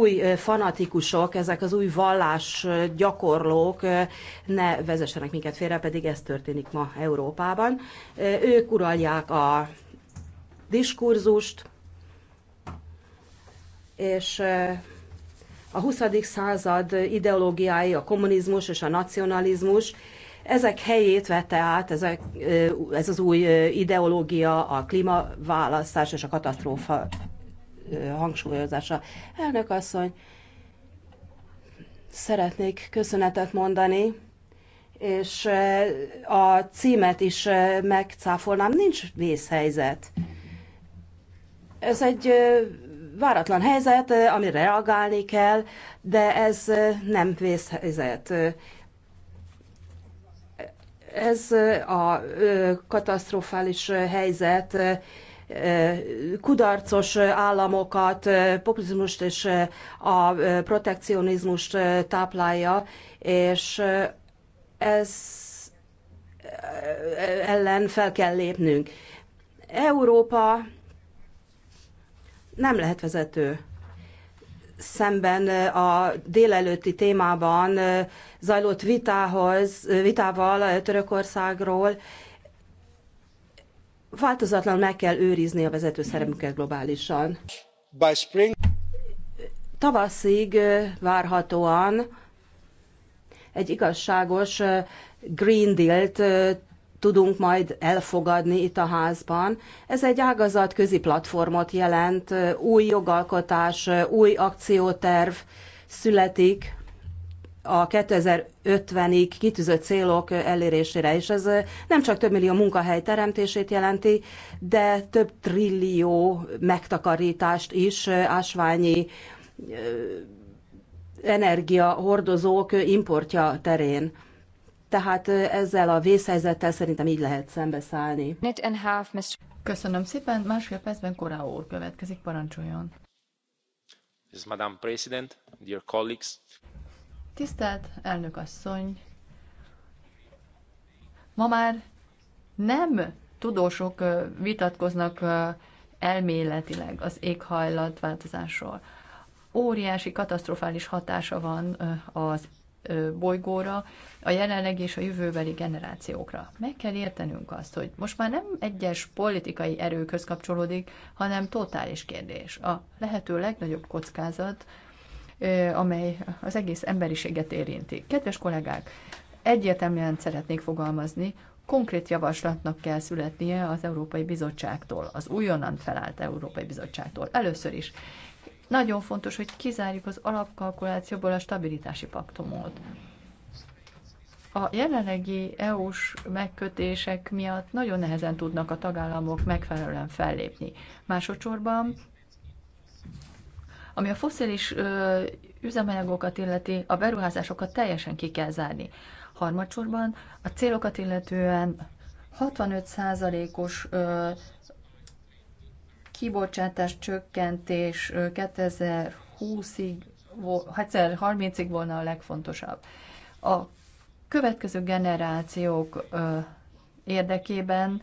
új fanatikusok, ezek az új vallás gyakorlók ne vezessenek minket félre, pedig ez történik ma Európában. Ők uralják a diskurzust, és a 20. század ideológiái, a kommunizmus és a nacionalizmus, ezek helyét vette át ezek, ez az új ideológia, a klímaválasztás és a katasztrófa hangsúlyozása. Elnök asszony, szeretnék köszönetet mondani, és eh, a címet is eh, megcáfolnám, nincs vészhelyzet. Ez egy eh, váratlan helyzet, amire reagálni kell, de ez nem vészhelyzet. Ez a katasztrofális helyzet kudarcos államokat, populizmust és a protekcionizmust táplálja, és ez ellen fel kell lépnünk. Európa nem lehet vezető szemben a délelőtti témában zajlott vitához, vitával Törökországról, változatlan meg kell őrizni a vezető szerepüket globálisan. By spring... Tavaszig várhatóan egy igazságos Green Deal-t tudunk majd elfogadni itt a házban. Ez egy ágazat közi platformot jelent, új jogalkotás, új akcióterv születik a 2050-ig kitűzött célok elérésére, és ez nem csak több millió munkahely teremtését jelenti, de több trillió megtakarítást is ásványi energiahordozók importja terén. Tehát ezzel a vészhelyzettel szerintem így lehet szembeszállni. Köszönöm szépen, másfél percben Korá úr következik, parancsoljon. This is President, dear colleagues. Tisztelt elnök asszony! Ma már nem tudósok vitatkoznak elméletileg az éghajlatváltozásról. Óriási, katasztrofális hatása van az bolygóra, a jelenleg és a jövőbeli generációkra. Meg kell értenünk azt, hogy most már nem egyes politikai erőköz kapcsolódik, hanem totális kérdés. A lehető legnagyobb kockázat amely az egész emberiséget érinti. Kedves kollégák, egyértelműen szeretnék fogalmazni, konkrét javaslatnak kell születnie az Európai Bizottságtól, az újonnan felállt Európai Bizottságtól. Először is nagyon fontos, hogy kizárjuk az alapkalkulációból a stabilitási paktumot. A jelenlegi EU-s megkötések miatt nagyon nehezen tudnak a tagállamok megfelelően fellépni. Másodszorban ami a foszilis üzemanyagokat illeti, a beruházásokat teljesen ki kell zárni. Harmadsorban a célokat illetően 65%-os kibocsátás csökkentés 2020-ig, 2030-ig volna a legfontosabb. A következő generációk érdekében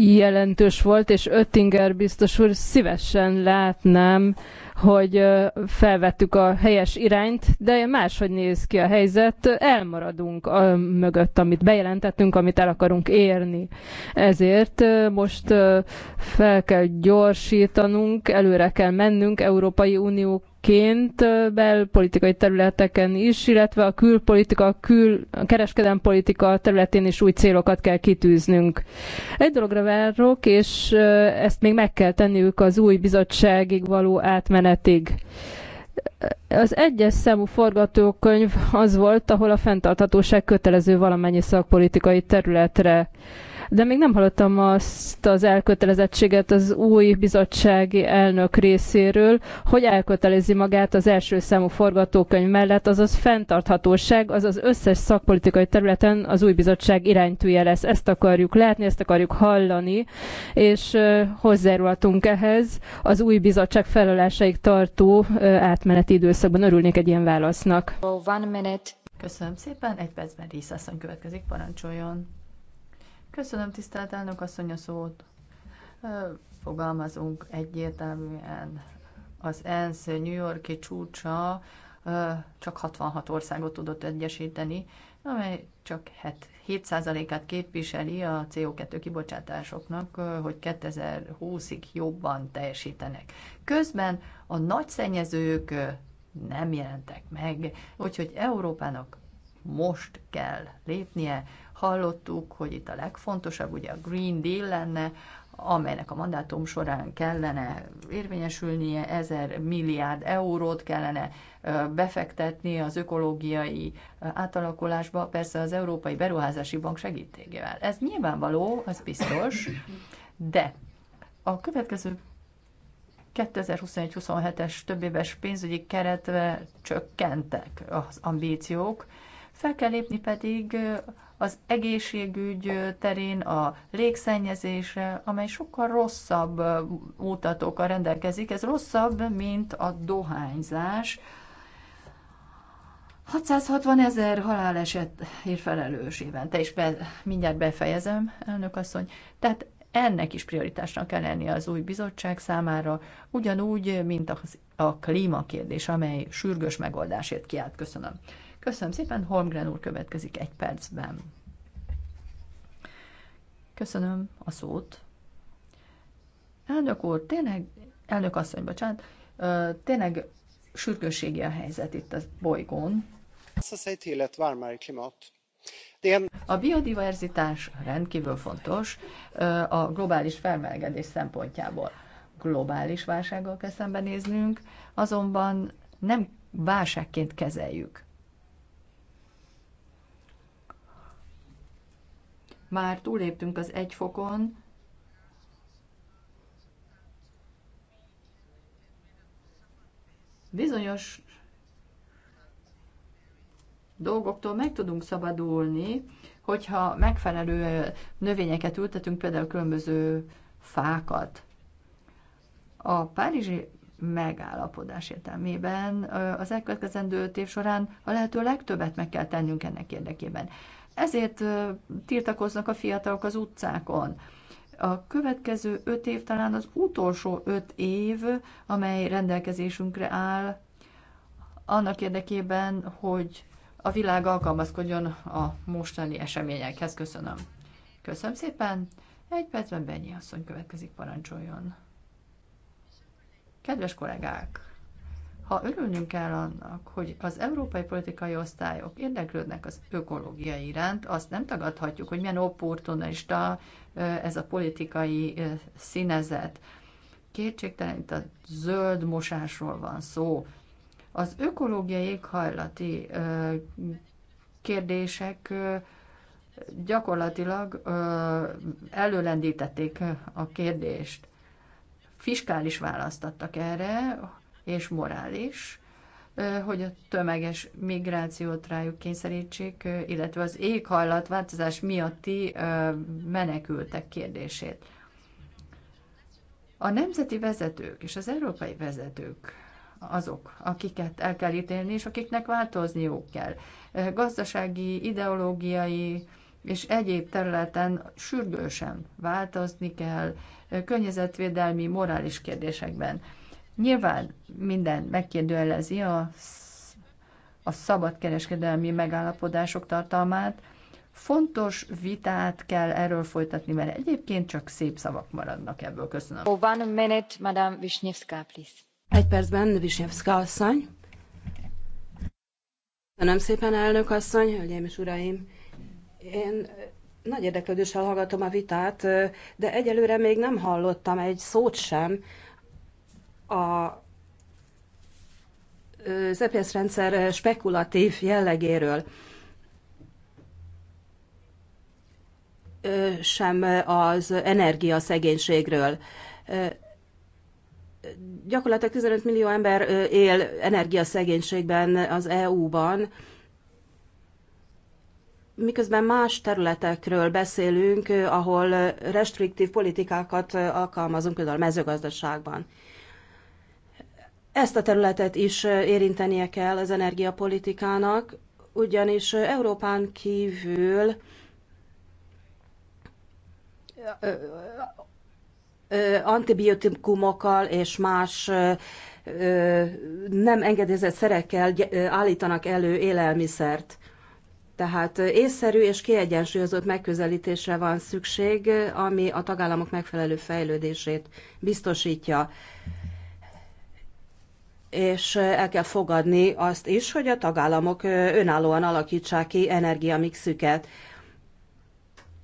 jelentős volt, és Öttinger biztos úr szívesen látnám, hogy felvettük a helyes irányt, de máshogy néz ki a helyzet, elmaradunk a mögött, amit bejelentettünk, amit el akarunk érni. Ezért most fel kell gyorsítanunk, előre kell mennünk Európai Unió ként belpolitikai területeken is, illetve a külpolitika, kül, a kereskedelmi politika területén is új célokat kell kitűznünk. Egy dologra várok, és ezt még meg kell tenniük az új bizottságig való átmenetig. Az egyes számú forgatókönyv az volt, ahol a fenntarthatóság kötelező valamennyi szakpolitikai területre de még nem hallottam azt az elkötelezettséget az új bizottsági elnök részéről, hogy elkötelezi magát az első számú forgatókönyv mellett, azaz fenntarthatóság, azaz összes szakpolitikai területen az új bizottság iránytűje lesz. Ezt akarjuk látni, ezt akarjuk hallani, és hozzárulhatunk ehhez az új bizottság felalásaig tartó átmeneti időszakban. Örülnék egy ilyen válasznak. Köszönöm szépen, egy percben Rész következik, parancsoljon. Köszönöm, tisztelt elnök asszony a szót. Fogalmazunk egyértelműen. Az ENSZ New Yorki csúcsa csak 66 országot tudott egyesíteni, amely csak 7%-át képviseli a CO2 kibocsátásoknak, hogy 2020-ig jobban teljesítenek. Közben a nagy szennyezők nem jelentek meg, úgyhogy Európának most kell lépnie, Hallottuk, hogy itt a legfontosabb ugye a Green Deal lenne, amelynek a mandátum során kellene érvényesülnie, ezer milliárd eurót kellene befektetni az ökológiai átalakulásba, persze az Európai Beruházási Bank segítségével. Ez nyilvánvaló, az biztos, de a következő 2021-27-es többéves pénzügyi keretbe csökkentek az ambíciók, fel kell lépni pedig az egészségügy terén a légszennyezésre, amely sokkal rosszabb mutatókkal rendelkezik. Ez rosszabb, mint a dohányzás. 660 ezer ér felelős évente, és be, mindjárt befejezem, elnök asszony. Tehát ennek is prioritásnak kell lennie az új bizottság számára, ugyanúgy, mint a a klímakérdés, amely sürgős megoldásért kiállt. Köszönöm. Köszönöm szépen, Holmgren úr következik egy percben. Köszönöm a szót. Elnök úr, tényleg, elnök asszony, bocsánat, tényleg sürgősségi a helyzet itt a bolygón. A biodiverzitás rendkívül fontos a globális felmelegedés szempontjából. Globális válsággal kell szembenéznünk, azonban nem válságként kezeljük. már túléptünk az egy fokon, bizonyos dolgoktól meg tudunk szabadulni, hogyha megfelelő növényeket ültetünk, például különböző fákat. A párizsi megállapodás értelmében az elkövetkezendő év során a lehető legtöbbet meg kell tennünk ennek érdekében. Ezért tiltakoznak a fiatalok az utcákon. A következő öt év talán az utolsó öt év, amely rendelkezésünkre áll, annak érdekében, hogy a világ alkalmazkodjon a mostani eseményekhez. Köszönöm. Köszönöm szépen. Egy percben Benyi asszony következik, parancsoljon. Kedves kollégák! Ha örülnünk kell annak, hogy az európai politikai osztályok érdeklődnek az ökológia iránt, azt nem tagadhatjuk, hogy milyen opportunista ez a politikai színezet. Kétségtelen itt a zöld mosásról van szó. Az ökológiai éghajlati kérdések gyakorlatilag előlendítették a kérdést. Fiskális választattak erre, és morális, hogy a tömeges migrációt rájuk kényszerítsék, illetve az éghajlatváltozás miatti menekültek kérdését. A nemzeti vezetők és az európai vezetők azok, akiket el kell ítélni, és akiknek változniuk kell. Gazdasági, ideológiai és egyéb területen sürgősen változni kell, környezetvédelmi, morális kérdésekben Nyilván minden megkérdőjelezi a, a szabad kereskedelmi megállapodások tartalmát. Fontos vitát kell erről folytatni, mert egyébként csak szép szavak maradnak ebből. Köszönöm. Oh, one minute, Madame Wisniewska, please. Egy percben Wisniewska asszony. Köszönöm szépen, elnök asszony, hölgyeim és uraim. Én nagy érdeklődéssel hallgatom a vitát, de egyelőre még nem hallottam egy szót sem a ZPS e rendszer spekulatív jellegéről sem az energiaszegénységről. Gyakorlatilag 15 millió ember él energiaszegénységben az EU-ban, miközben más területekről beszélünk, ahol restriktív politikákat alkalmazunk, például a mezőgazdaságban ezt a területet is érintenie kell az energiapolitikának, ugyanis Európán kívül antibiotikumokkal és más nem engedélyezett szerekkel állítanak elő élelmiszert. Tehát észszerű és kiegyensúlyozott megközelítésre van szükség, ami a tagállamok megfelelő fejlődését biztosítja és el kell fogadni azt is, hogy a tagállamok önállóan alakítsák ki energiamixüket.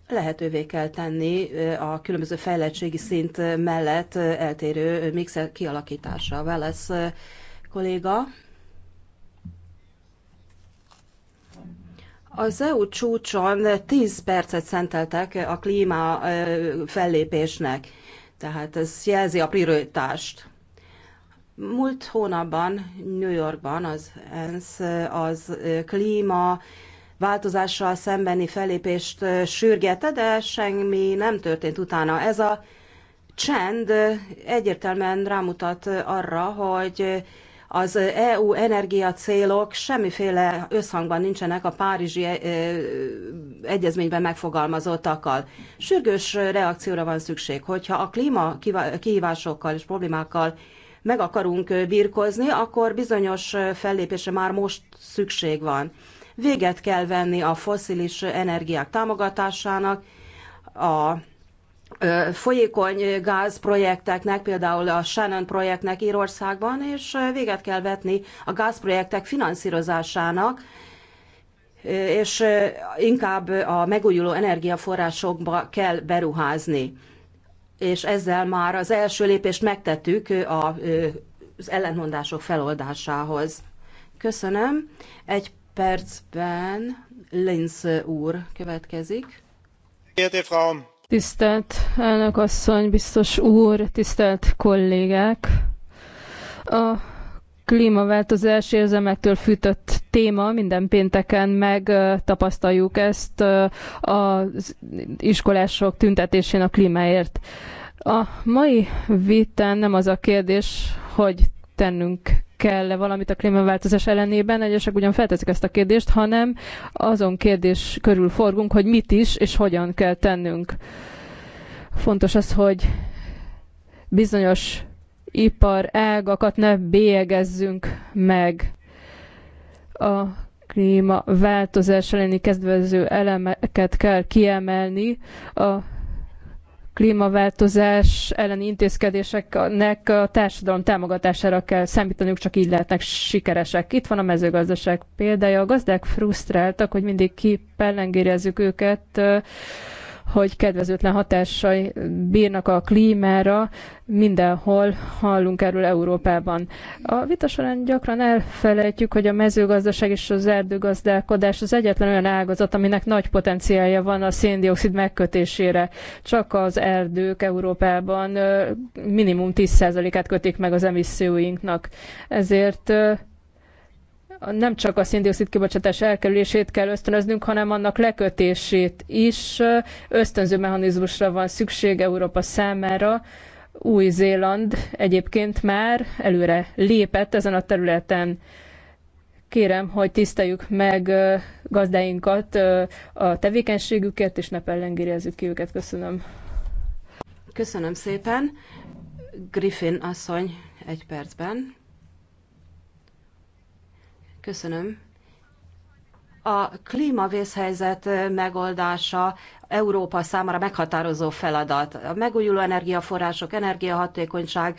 Lehetővé kell tenni a különböző fejlettségi szint mellett eltérő mixek kialakítása. Velesz kolléga. Az EU csúcson 10 percet szenteltek a klíma fellépésnek, tehát ez jelzi a prioritást. Múlt hónapban New Yorkban az ENSZ az klíma változással szembeni felépést sürgette, de semmi nem történt utána. Ez a csend egyértelműen rámutat arra, hogy az EU energiacélok semmiféle összhangban nincsenek a Párizsi egyezményben megfogalmazottakkal. Sürgős reakcióra van szükség, hogyha a klíma kihívásokkal és problémákkal meg akarunk birkozni, akkor bizonyos fellépése már most szükség van. Véget kell venni a foszilis energiák támogatásának, a folyékony gáz projekteknek, például a Shannon projektnek Írországban, és véget kell vetni a gázprojektek finanszírozásának, és inkább a megújuló energiaforrásokba kell beruházni és ezzel már az első lépést megtettük a, az ellentmondások feloldásához. Köszönöm. Egy percben Linz úr következik. Tisztelt elnök asszony, biztos úr, tisztelt kollégák! A klímaváltozás érzelmektől fűtött téma, minden pénteken megtapasztaljuk ezt az iskolások tüntetésén a klímáért. A mai vitán nem az a kérdés, hogy tennünk kell-e valamit a klímaváltozás ellenében, egyesek ugyan felteszik ezt a kérdést, hanem azon kérdés körül forgunk, hogy mit is és hogyan kell tennünk. Fontos az, hogy bizonyos ipar ágakat ne bélyegezzünk meg. A klíma változás elleni kezdvező elemeket kell kiemelni. A klímaváltozás elleni intézkedéseknek a társadalom támogatására kell számítaniuk, csak így lehetnek sikeresek. Itt van a mezőgazdaság példája. A gazdák frusztráltak, hogy mindig kipellengérezzük őket hogy kedvezőtlen hatásai bírnak a klímára, mindenhol hallunk erről Európában. A vita során gyakran elfelejtjük, hogy a mezőgazdaság és az erdőgazdálkodás az egyetlen olyan ágazat, aminek nagy potenciálja van a széndiokszid megkötésére. Csak az erdők Európában minimum 10%-át kötik meg az emisszióinknak. Ezért nem csak a széndiokszid kibocsátás elkerülését kell ösztönöznünk, hanem annak lekötését is ösztönző mechanizmusra van szükség Európa számára. Új-Zéland egyébként már előre lépett ezen a területen. Kérem, hogy tiszteljük meg gazdáinkat, a tevékenységüket, és ne pellengérjezzük ki őket. Köszönöm. Köszönöm szépen. Griffin asszony egy percben. Köszönöm. A klímavészhelyzet megoldása Európa számára meghatározó feladat. A megújuló energiaforrások, energiahatékonyság,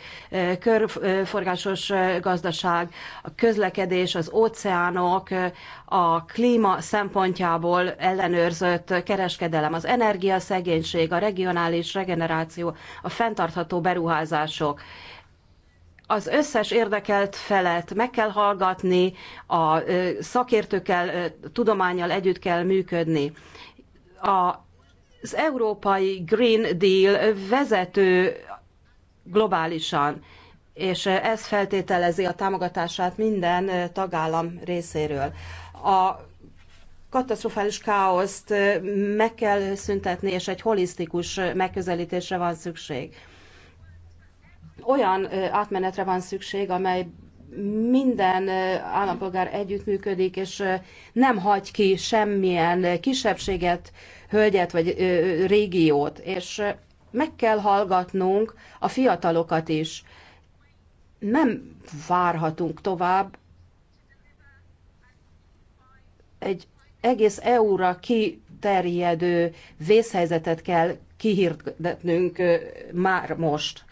körforgásos gazdaság, a közlekedés, az óceánok, a klíma szempontjából ellenőrzött kereskedelem, az energiaszegénység, a regionális regeneráció, a fenntartható beruházások az összes érdekelt felet meg kell hallgatni, a szakértőkkel, tudományjal együtt kell működni. A az európai Green Deal vezető globálisan, és ez feltételezi a támogatását minden tagállam részéről. A katasztrofális káoszt meg kell szüntetni, és egy holisztikus megközelítésre van szükség olyan átmenetre van szükség, amely minden állampolgár együttműködik, és nem hagy ki semmilyen kisebbséget, hölgyet vagy régiót. És meg kell hallgatnunk a fiatalokat is. Nem várhatunk tovább. Egy egész EU-ra kiterjedő vészhelyzetet kell kihirdetnünk már most.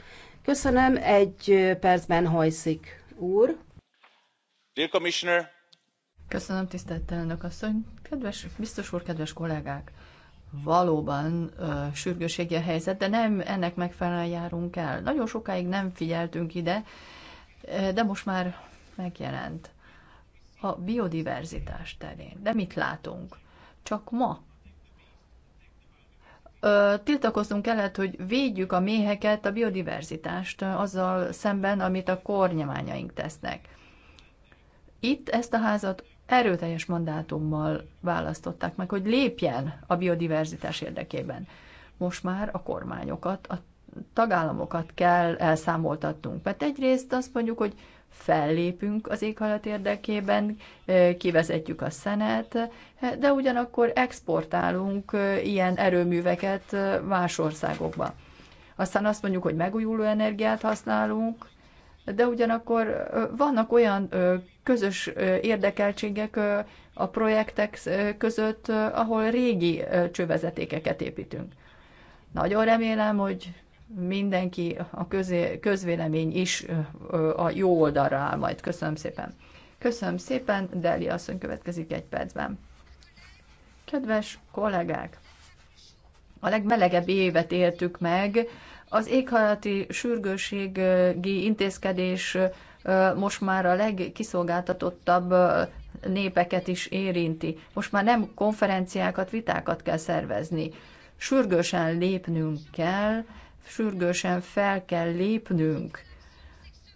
Köszönöm, egy percben hajszik úr. Dear Commissioner. Köszönöm, tisztelt elnök asszony. Kedves, biztos úr, kedves kollégák valóban ö, sürgőségi a helyzet, de nem ennek megfelelően járunk el. Nagyon sokáig nem figyeltünk ide, de most már megjelent a biodiverzitás terén. De mit látunk? Csak ma ö, kellett, hogy védjük a méheket, a biodiverzitást azzal szemben, amit a kornyományaink tesznek. Itt ezt a házat erőteljes mandátummal választották meg, hogy lépjen a biodiverzitás érdekében. Most már a kormányokat, a tagállamokat kell elszámoltatnunk. Mert egyrészt azt mondjuk, hogy fellépünk az éghajlat érdekében, kivezetjük a szenet, de ugyanakkor exportálunk ilyen erőműveket más országokba. Aztán azt mondjuk, hogy megújuló energiát használunk, de ugyanakkor vannak olyan közös érdekeltségek a projektek között, ahol régi csővezetékeket építünk. Nagyon remélem, hogy mindenki, a közé, közvélemény is a jó oldalra áll majd. Köszönöm szépen. Köszönöm szépen, Deli asszony következik egy percben. Kedves kollégák! A legmelegebb évet éltük meg, az éghajlati sürgőségi intézkedés most már a legkiszolgáltatottabb népeket is érinti. Most már nem konferenciákat, vitákat kell szervezni. Sürgősen lépnünk kell, sürgősen fel kell lépnünk.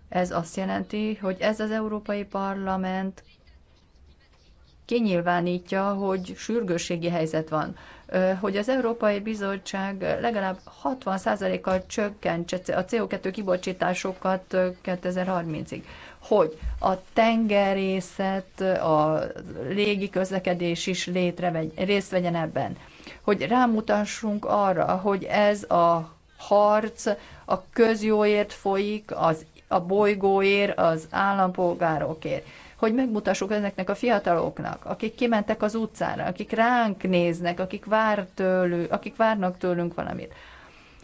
Ez azt jelenti, hogy ez az Európai Parlament kinyilvánítja, hogy sürgősségi helyzet van, hogy az Európai Bizottság legalább 60%-kal csökkentse a CO2 kibocsátásokat 2030-ig, hogy a tengerészet, a légi közlekedés is létre részt vegyen ebben, hogy rámutassunk arra, hogy ez a harc a közjóért folyik, az, a bolygóért, az állampolgárokért. Hogy megmutassuk ezeknek a fiataloknak, akik kimentek az utcára, akik ránk néznek, akik, vár tőlük, akik várnak tőlünk valamit.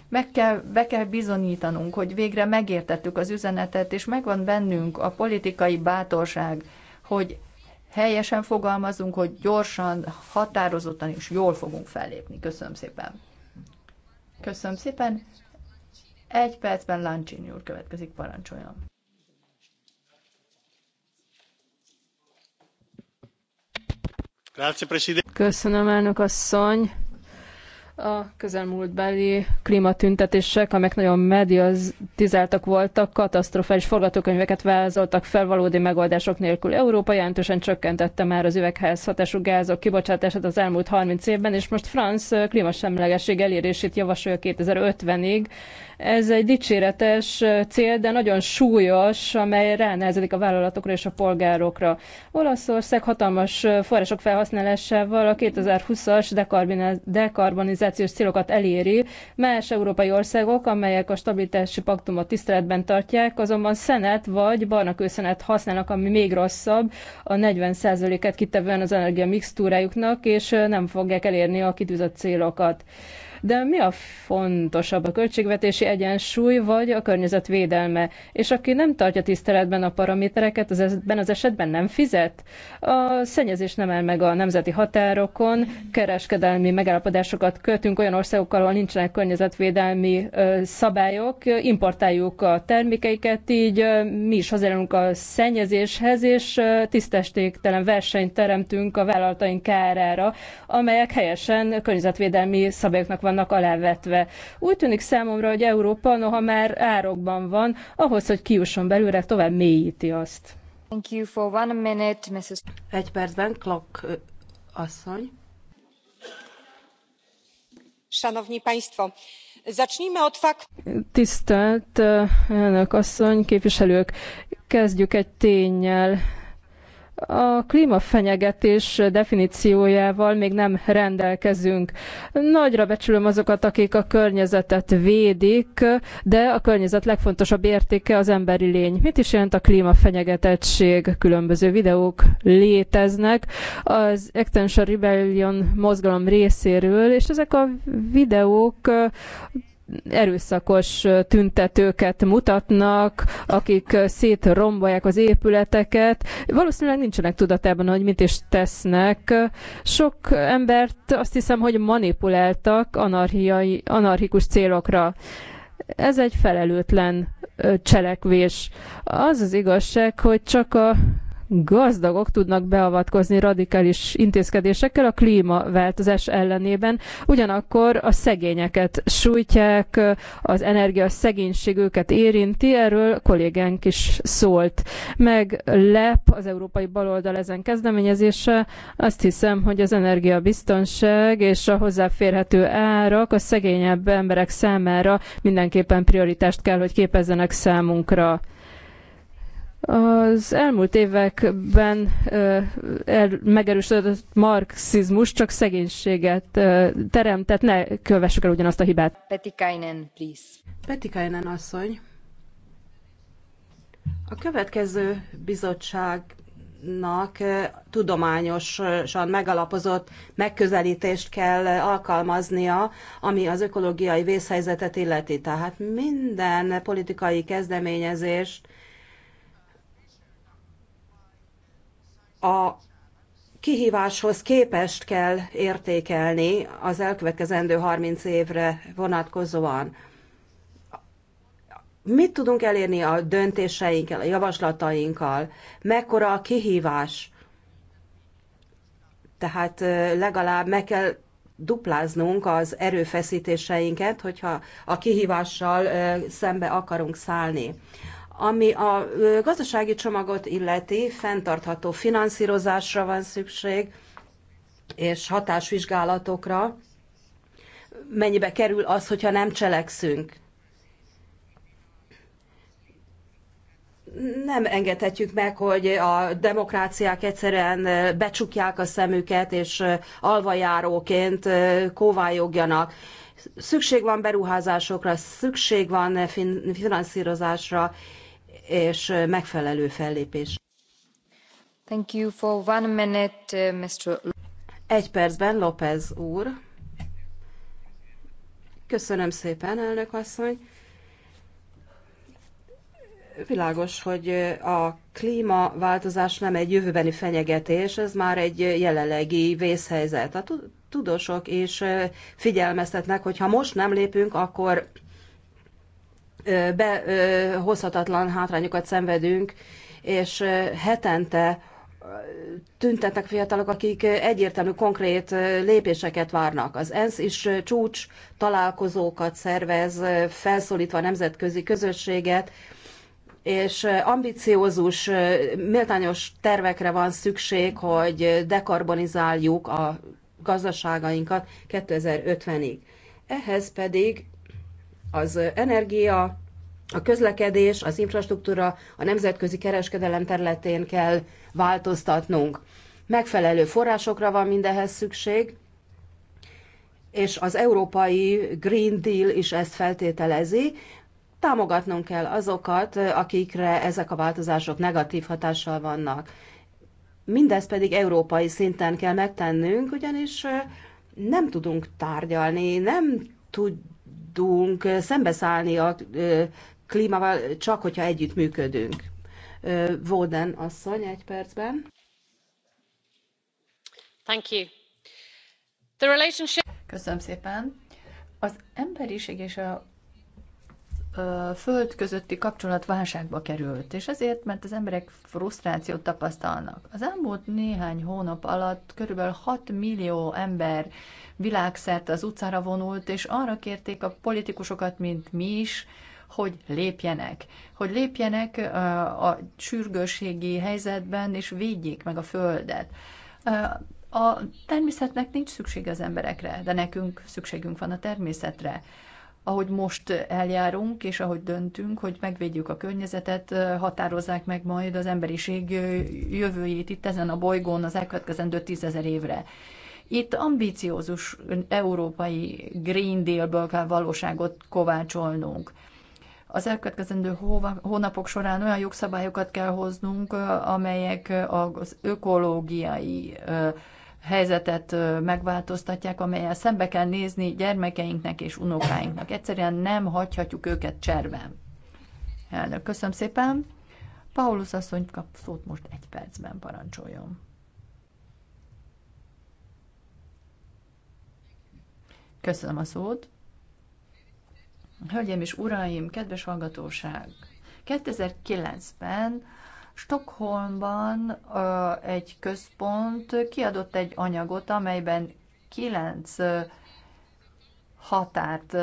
Meg kell, be kell bizonyítanunk, hogy végre megértettük az üzenetet, és megvan bennünk a politikai bátorság, hogy helyesen fogalmazunk, hogy gyorsan, határozottan és jól fogunk fellépni. Köszönöm szépen! Köszönöm szépen. Egy percben Lancsini úr következik, parancsoljon. Köszönöm, elnök asszony a közelmúltbeli klímatüntetések, amelyek nagyon mediatizáltak voltak, katasztrofális forgatókönyveket vázoltak fel valódi megoldások nélkül. Európa jelentősen csökkentette már az hatású gázok kibocsátását az elmúlt 30 évben, és most Franz klímasemlegesség elérését javasolja 2050-ig, ez egy dicséretes cél, de nagyon súlyos, amely ránehezedik a vállalatokra és a polgárokra. Olaszország hatalmas források felhasználásával a 2020-as dekarbonizációs célokat eléri. Más európai országok, amelyek a stabilitási paktumot tiszteletben tartják, azonban szenet vagy barnakőszenet használnak, ami még rosszabb, a 40%-et kitevően az energia mixtúrájuknak, és nem fogják elérni a kitűzött célokat. De mi a fontosabb, a költségvetési egyensúly vagy a környezetvédelme? És aki nem tartja tiszteletben a paramétereket, az ebben az esetben nem fizet? A szennyezés nem el meg a nemzeti határokon, kereskedelmi megállapodásokat kötünk olyan országokkal, ahol nincsenek környezetvédelmi szabályok, importáljuk a termékeiket, így mi is hozzájárulunk a szennyezéshez, és tisztességtelen versenyt teremtünk a vállalataink kárára, amelyek helyesen környezetvédelmi szabályoknak vannak alávetve. Úgy tűnik számomra, hogy Európa, noha már árokban van, ahhoz, hogy kiusson belőle, tovább mélyíti azt. Thank you for one minute, Mrs. Egy percben, Klok asszony. Szanowni Państwo, zacznijmy od fakt... Tisztelt elnök asszony, képviselők, kezdjük egy tényel a klímafenyegetés definíciójával még nem rendelkezünk. Nagyra becsülöm azokat, akik a környezetet védik, de a környezet legfontosabb értéke az emberi lény. Mit is jelent a klímafenyegetettség? Különböző videók léteznek az Extension Rebellion mozgalom részéről, és ezek a videók erőszakos tüntetőket mutatnak, akik szétrombolják az épületeket. Valószínűleg nincsenek tudatában, hogy mit is tesznek. Sok embert azt hiszem, hogy manipuláltak anarchiai, anarchikus célokra. Ez egy felelőtlen cselekvés. Az az igazság, hogy csak a gazdagok tudnak beavatkozni radikális intézkedésekkel a klímaváltozás ellenében, ugyanakkor a szegényeket sújtják, az energia szegénység őket érinti, erről kollégánk is szólt. Meg lep az európai baloldal ezen kezdeményezése, azt hiszem, hogy az energiabiztonság és a hozzáférhető árak a szegényebb emberek számára mindenképpen prioritást kell, hogy képezzenek számunkra. Az elmúlt években el, megerősödött marxizmus csak szegénységet teremtett. tehát ne kövessük el ugyanazt a hibát. Petikainen, please. Petikainen asszony. A következő bizottságnak tudományosan megalapozott megközelítést kell alkalmaznia, ami az ökológiai vészhelyzetet illeti. Tehát minden politikai kezdeményezést a kihíváshoz képest kell értékelni az elkövetkezendő 30 évre vonatkozóan. Mit tudunk elérni a döntéseinkkel, a javaslatainkkal? Mekkora a kihívás? Tehát legalább meg kell dupláznunk az erőfeszítéseinket, hogyha a kihívással szembe akarunk szállni. Ami a gazdasági csomagot illeti, fenntartható finanszírozásra van szükség, és hatásvizsgálatokra. Mennyibe kerül az, hogyha nem cselekszünk? nem engedhetjük meg, hogy a demokráciák egyszerűen becsukják a szemüket, és alvajáróként kóvályogjanak. Szükség van beruházásokra, szükség van finanszírozásra, és megfelelő fellépés. Thank you for one minute, uh, Mr. Egy percben López úr. Köszönöm szépen, elnök asszony. Világos, hogy a klímaváltozás nem egy jövőbeni fenyegetés, ez már egy jelenlegi vészhelyzet. A tudósok is figyelmeztetnek, hogy ha most nem lépünk, akkor behozhatatlan hátrányokat szenvedünk, és hetente tüntetnek fiatalok, akik egyértelmű konkrét lépéseket várnak. Az ENSZ is csúcs találkozókat szervez, felszólítva a nemzetközi közösséget, és ambiciózus, méltányos tervekre van szükség, hogy dekarbonizáljuk a gazdaságainkat 2050-ig. Ehhez pedig az energia, a közlekedés, az infrastruktúra, a nemzetközi kereskedelem területén kell változtatnunk. Megfelelő forrásokra van mindehez szükség, és az európai Green Deal is ezt feltételezi. Támogatnunk kell azokat, akikre ezek a változások negatív hatással vannak. Mindezt pedig európai szinten kell megtennünk, ugyanis nem tudunk tárgyalni, nem tudjuk tudunk szembeszállni a klímával, csak hogyha együtt működünk. Vóden asszony, egy percben. Thank you. The relationship... Köszönöm szépen. Az emberiség és a föld közötti kapcsolat válságba került, és ezért, mert az emberek frusztrációt tapasztalnak. Az elmúlt néhány hónap alatt körülbelül 6 millió ember világszerte az utcára vonult, és arra kérték a politikusokat, mint mi is, hogy lépjenek. Hogy lépjenek a sürgőségi helyzetben, és védjék meg a földet. A természetnek nincs szüksége az emberekre, de nekünk szükségünk van a természetre ahogy most eljárunk, és ahogy döntünk, hogy megvédjük a környezetet, határozzák meg majd az emberiség jövőjét itt ezen a bolygón az elkövetkezendő tízezer évre. Itt ambíciózus európai Green Deal-ből kell valóságot kovácsolnunk. Az elkövetkezendő hónapok során olyan jogszabályokat kell hoznunk, amelyek az ökológiai helyzetet megváltoztatják, amelyel szembe kell nézni gyermekeinknek és unokáinknak. Egyszerűen nem hagyhatjuk őket cserben. Elnök, köszönöm szépen. Paulus asszony kap szót most egy percben, parancsoljon. Köszönöm a szót. Hölgyeim és uraim, kedves hallgatóság! 2009-ben Stockholmban egy központ kiadott egy anyagot, amelyben kilenc határt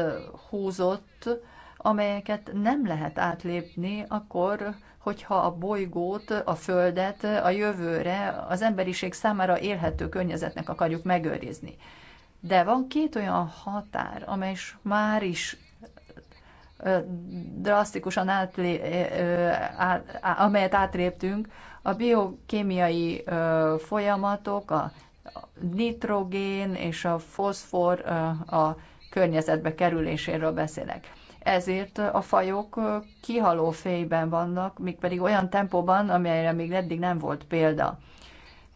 húzott, amelyeket nem lehet átlépni akkor, hogyha a bolygót, a földet a jövőre az emberiség számára élhető környezetnek akarjuk megőrizni. De van két olyan határ, amely már is drasztikusan átlé, amelyet átréptünk, a biokémiai folyamatok, a nitrogén és a foszfor a környezetbe kerüléséről beszélek. Ezért a fajok kihaló fényben vannak, pedig olyan tempóban, amelyre még eddig nem volt példa.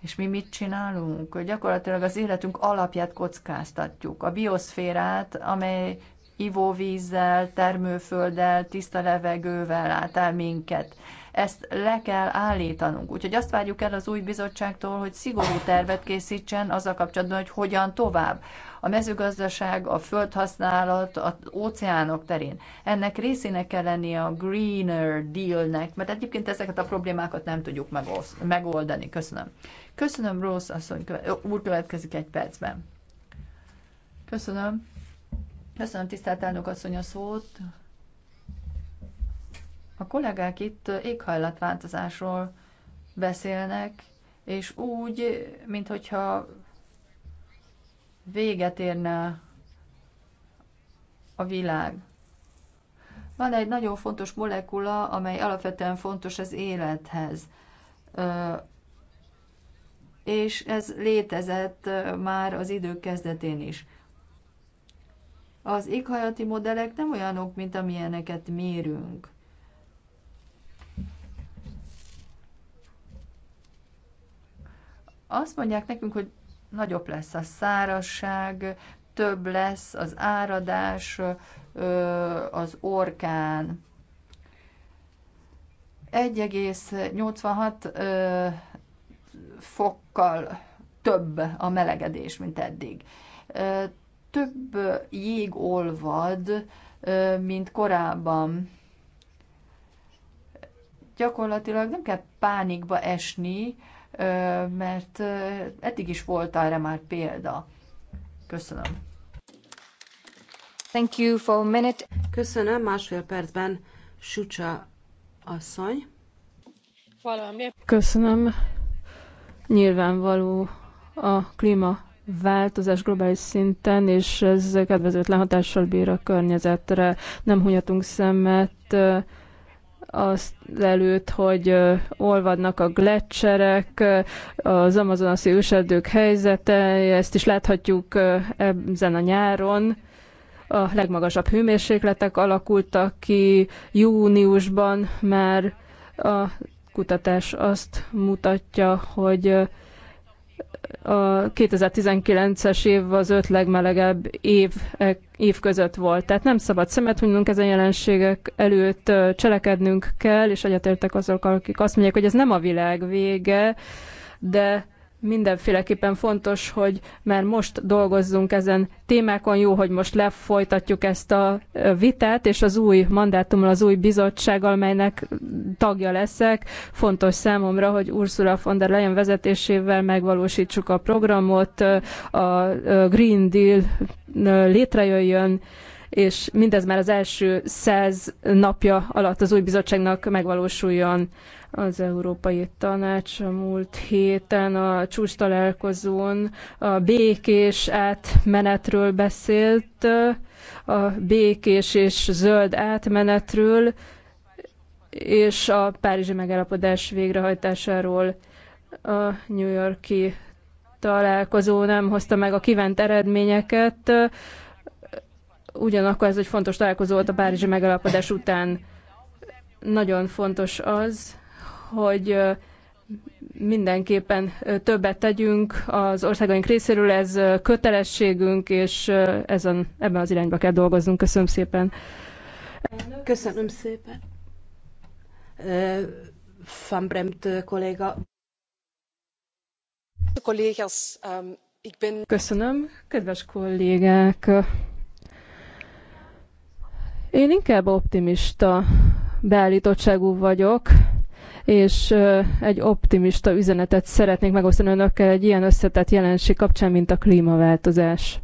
És mi mit csinálunk? Gyakorlatilag az életünk alapját kockáztatjuk. A bioszférát, amely ivóvízzel, termőfölddel, tiszta levegővel látál minket. Ezt le kell állítanunk. Úgyhogy azt várjuk el az új bizottságtól, hogy szigorú tervet készítsen azzal kapcsolatban, hogy hogyan tovább. A mezőgazdaság, a földhasználat, az óceánok terén. Ennek részének kell lennie a Greener Dealnek, mert egyébként ezeket a problémákat nem tudjuk megoldani. Köszönöm. Köszönöm, Rossz asszony, úr következik egy percben. Köszönöm. Köszönöm, tisztelt elnök asszony a szót. A kollégák itt éghajlatváltozásról beszélnek, és úgy, minthogyha véget érne a világ. Van egy nagyon fontos molekula, amely alapvetően fontos az élethez. És ez létezett már az idők kezdetén is. Az éghajlati modellek nem olyanok, mint amilyeneket mérünk. Azt mondják nekünk, hogy nagyobb lesz a szárazság, több lesz az áradás, az orkán. 1,86 fokkal több a melegedés, mint eddig több jég olvad, mint korábban. Gyakorlatilag nem kell pánikba esni, mert eddig is volt erre már példa. Köszönöm. Thank you for a minute. Köszönöm, másfél percben Sucsa asszony. Köszönöm. Nyilvánvaló a klíma változás globális szinten, és ez kedvezőtlen hatással bír a környezetre. Nem hunyatunk szemet azt előtt, hogy olvadnak a gletszerek, az amazonasi őserdők helyzete, ezt is láthatjuk ezen a nyáron a legmagasabb hőmérsékletek alakultak ki júniusban, már a kutatás azt mutatja, hogy a 2019-es év az öt legmelegebb év, e, év között volt. Tehát nem szabad szemet hunynunk ezen jelenségek előtt, cselekednünk kell, és egyetértek azokkal, akik azt mondják, hogy ez nem a világ vége, de mindenféleképpen fontos, hogy már most dolgozzunk ezen témákon. Jó, hogy most lefolytatjuk ezt a vitát, és az új mandátummal, az új bizottsággal, melynek tagja leszek. Fontos számomra, hogy Ursula von der Leyen vezetésével megvalósítsuk a programot, a Green Deal létrejöjjön, és mindez már az első száz napja alatt az új bizottságnak megvalósuljon az Európai Tanács a múlt héten a csúcs találkozón a békés átmenetről beszélt, a békés és zöld átmenetről, és a Párizsi megállapodás végrehajtásáról a New Yorki találkozó nem hozta meg a kívánt eredményeket. Ugyanakkor ez egy fontos találkozó volt a Párizsi megalapodás után. Nagyon fontos az, hogy mindenképpen többet tegyünk az országaink részéről, ez kötelességünk, és ezen, ebben az irányba kell dolgoznunk. Köszönöm szépen. Köszönöm szépen. Fambremt kolléga. Köszönöm, kedves kollégák! Én inkább optimista beállítottságú vagyok, és egy optimista üzenetet szeretnék megosztani önökkel egy ilyen összetett jelenség kapcsán, mint a klímaváltozás.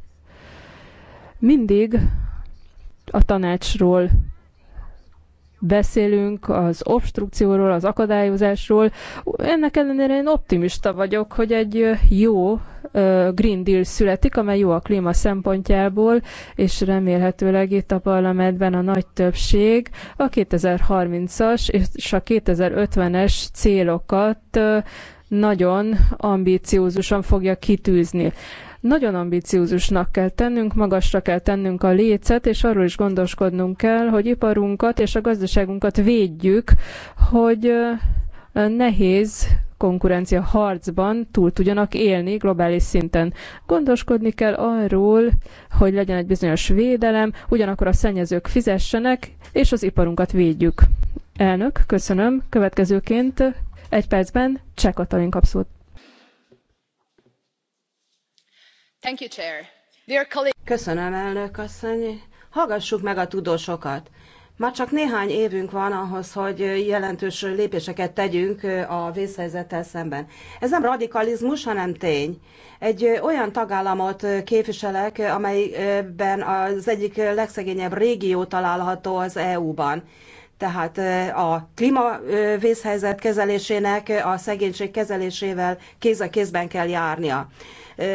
Mindig a tanácsról beszélünk az obstrukcióról, az akadályozásról. Ennek ellenére én optimista vagyok, hogy egy jó Green Deal születik, amely jó a klíma szempontjából, és remélhetőleg itt a parlamentben a nagy többség a 2030-as és a 2050-es célokat nagyon ambíciózusan fogja kitűzni. Nagyon ambiciózusnak kell tennünk, magasra kell tennünk a lécet, és arról is gondoskodnunk kell, hogy iparunkat és a gazdaságunkat védjük, hogy nehéz konkurencia harcban túl tudjanak élni globális szinten. Gondoskodni kell arról, hogy legyen egy bizonyos védelem, ugyanakkor a szennyezők fizessenek, és az iparunkat védjük. Elnök, köszönöm. Következőként egy percben Cseh Katalin Köszönöm, elnök asszony. Hallgassuk meg a tudósokat. Már csak néhány évünk van ahhoz, hogy jelentős lépéseket tegyünk a vészhelyzettel szemben. Ez nem radikalizmus, hanem tény. Egy olyan tagállamot képviselek, amelyben az egyik legszegényebb régió található az EU-ban. Tehát a klímavészhelyzet kezelésének a szegénység kezelésével kéz a kézben kell járnia.